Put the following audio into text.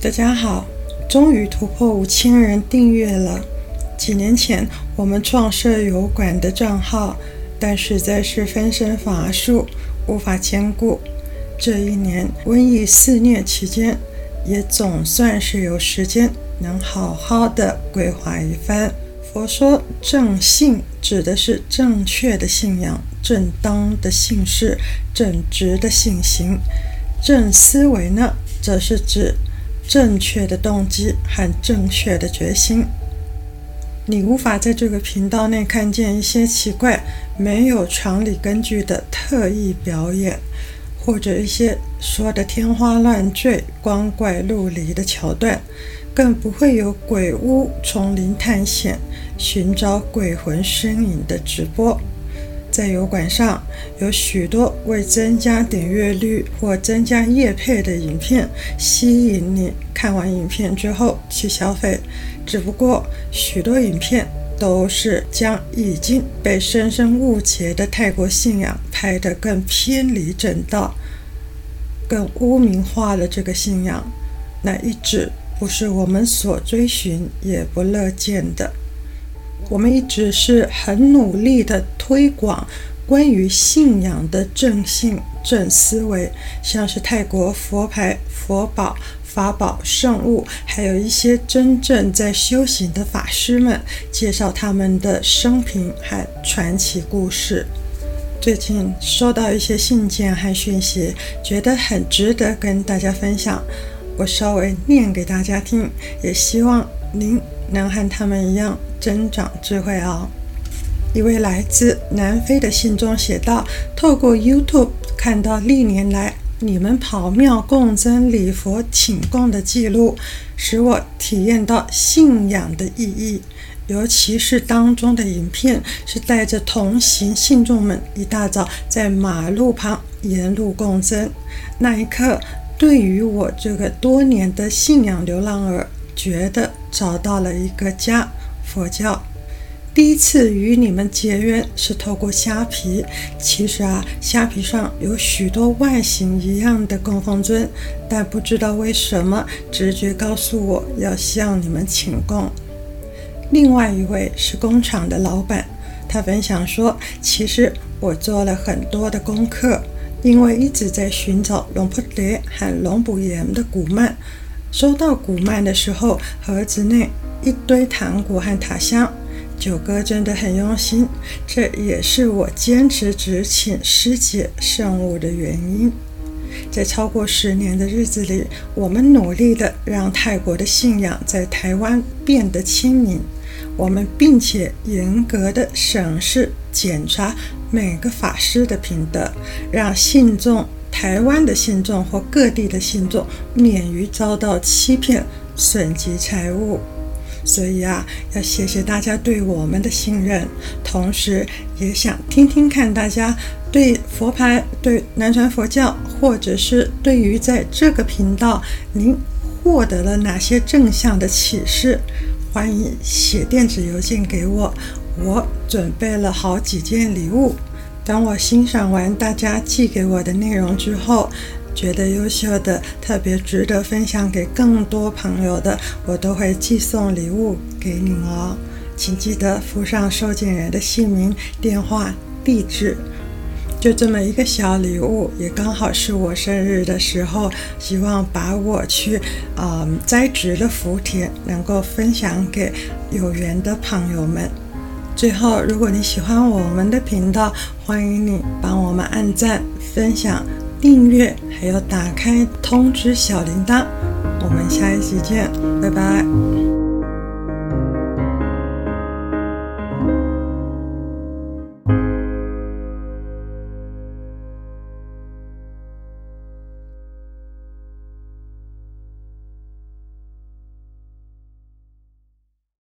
大家好，終於突破五千人訂閱了。幾年前我們創設油管的賬號，但實在是分身乏術，無法兼顧。這一年瘟疫肆虐期間，也總算是有時間能好好的規劃一番。佛說正信指的是正確的信仰、正當的信事、正直的信行正思維呢，則是指，正確的動機和正確的決心，你無法在這個頻道內看見一些奇怪、沒有常理根據的特異表演，或者一些說得天花亂墜、光怪陸離的橋段，更不會有鬼屋、叢林探險、尋找鬼魂身影的直播。在油管上有許多為增加點閱率或增加業配的影片，吸引你看完影片之後去消費。只不過許多影片都是將已經被深深誤解的泰國信仰拍得更偏離正道、更污名化了這個信仰，那一直不是我們所追尋，也不樂見的。我們一直是很努力的推廣關於信仰的正信正思維，像是泰國佛牌、佛寶、法寶、聖物，還有一些真正在修行的法師們介紹他們的生平和傳奇故事。最近收到一些信件和訊息，覺得很值得跟大家分享，我稍微念給大家聽，也希望您能和他們一樣。增長智慧啊、哦！一位來自南非的信眾寫道：“透過 YouTube 看到歷年來你們跑廟供僧禮佛請供的記錄，使我體驗到信仰的意義。尤其是當中的影片是帶着同行信眾們一大早在馬路旁沿路供僧，那一刻，對於我這個多年的信仰流浪兒，覺得找到了一個家。”佛教第一次與你們結緣是透過蝦皮，其實啊，蝦皮上有許多外形一樣的供奉尊，但不知道為什麼，直覺告訴我要向你們請供。另外一位是工廠的老闆，他本想說，其實我做了很多的功課，因為一直在尋找龍婆蝶和龍普岩的古曼。收到古曼的時候，盒子內一堆糖果和塔香。九哥真的很用心，這也是我堅持只請師姐聖物的原因。在超過十年的日子裡，我們努力的讓泰國的信仰在台灣變得親民。我們並且嚴格的審視檢查每個法師的品德，讓信眾。台灣的信眾或各地的信眾免於遭到欺騙、損及財物，所以啊，要謝謝大家對我們的信任，同時也想聽聽看大家對佛牌、對南傳佛教，或者是對於在這個頻道您獲得了哪些正向的啟示，歡迎寫電子郵件給我，我準備了好幾件禮物。當我欣賞完大家寄給我的內容之後，覺得優秀的、特別值得分享給更多朋友的，我都會寄送禮物給你哦。請記得附上收件人的姓名、電話、地址。就這麼一個小禮物，也剛好是我生日的時候，希望把我去嗯、呃、栽植的福田能夠分享給有緣的朋友們。最後，如果你喜歡我們的頻道，歡迎你幫我們按讚、分享、訂閱，還有打開通知小鈴鐺。我們下一期見，拜拜。